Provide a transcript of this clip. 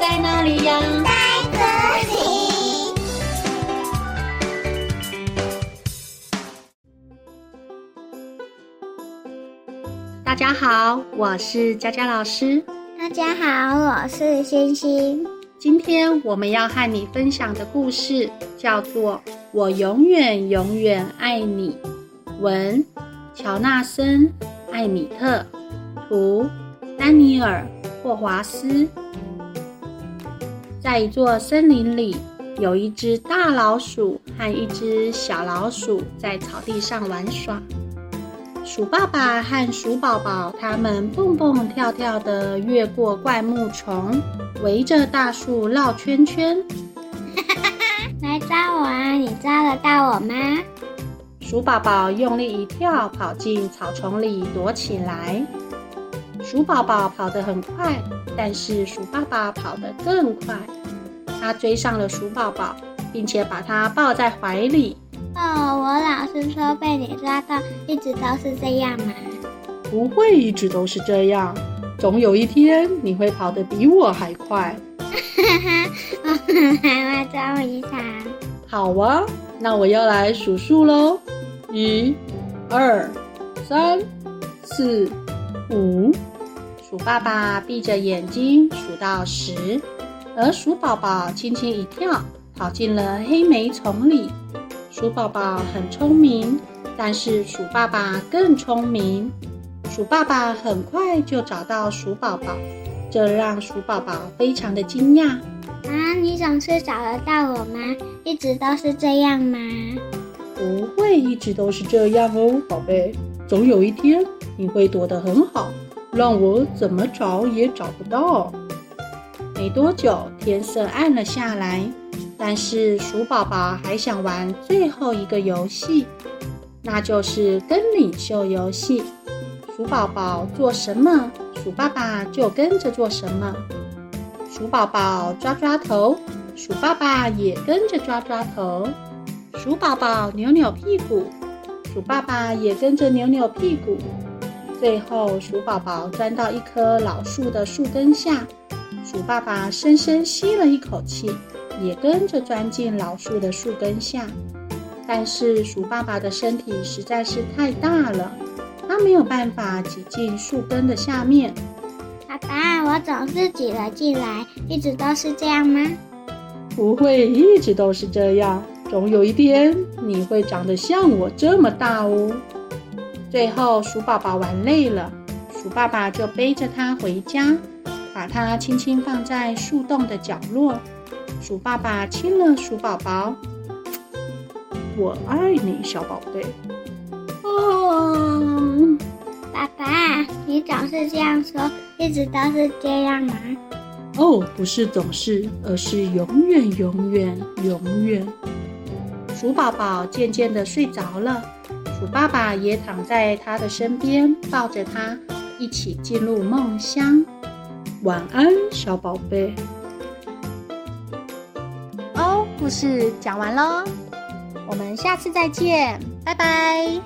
在哪裡呀？在這裡。大家好，我是佳佳老師。大家好，我是星星。今天我們要和你分享的故事叫做《我永遠永遠愛你》。文：喬納森·艾米特。圖：丹尼爾·霍華斯。在一座森林裡，有一隻大老鼠和一隻小老鼠在草地上玩耍。鼠爸爸和鼠寶寶他們蹦蹦跳跳地越過灌木叢，圍着大樹繞圈圈。 來抓我啊！你抓得到我嗎？鼠寶寶用力一跳，跑進草叢裡躲起來。鼠寶寶跑得很快，但是鼠爸爸跑得更快。他追上了鼠寶寶，並且把它抱在懷裡。哦，我老是說被你抓到，一直都是這樣嗎？不會一直都是這樣，總有一天你會跑得比我還快。哈 哈，來玩抓我一下。好啊，那我要來數數嘍。一、二、三、四、五。鼠爸爸閉着眼睛數到十，而鼠寶寶輕輕一跳，跑進了黑莓叢裡。鼠寶寶很聰明，但是鼠爸爸更聰明。鼠爸爸很快就找到鼠寶寶，這讓鼠寶寶非常的驚訝。啊，你總是找得到我嗎？一直都是這樣嗎？不會一直都是這樣哦，寶貝。總有一天，你會躲得很好。讓我怎麼找也找不到。沒多久，天色暗了下來，但是鼠寶寶還想玩最後一個遊戲，那就是跟領袖遊戲。鼠寶寶做什麼，鼠爸爸就跟着做什麼。鼠寶寶抓抓頭，鼠爸爸也跟着抓抓頭。鼠寶寶扭扭屁股，鼠爸爸也跟着扭扭屁股。最後，鼠寶寶鑽到一棵老樹的樹根下，鼠爸爸深深吸了一口氣，也跟着鑽進老樹的樹根下。但是，鼠爸爸的身體實在是太大了，他沒有辦法擠進樹根的下面。爸爸，我總是擠了進來，一直都是這樣嗎？不會一直都是這樣，總有一天，你會長得像我這麼大哦。最後，鼠寶寶玩累了，鼠爸爸就背着他回家，把它輕輕放在樹洞的角落。鼠爸爸親了鼠寶寶：“我愛你，小寶貝。哦”“哦，爸爸，你總是這樣說，一直都是這樣嗎、啊？”“哦，不是總是，而是永遠，永遠，永遠。”鼠寶寶漸漸的睡着了。爸爸也躺在他的身邊，抱着他，一起進入夢鄉。晚安，小寶貝。哦，故事講完嘍，我們下次再見，拜拜。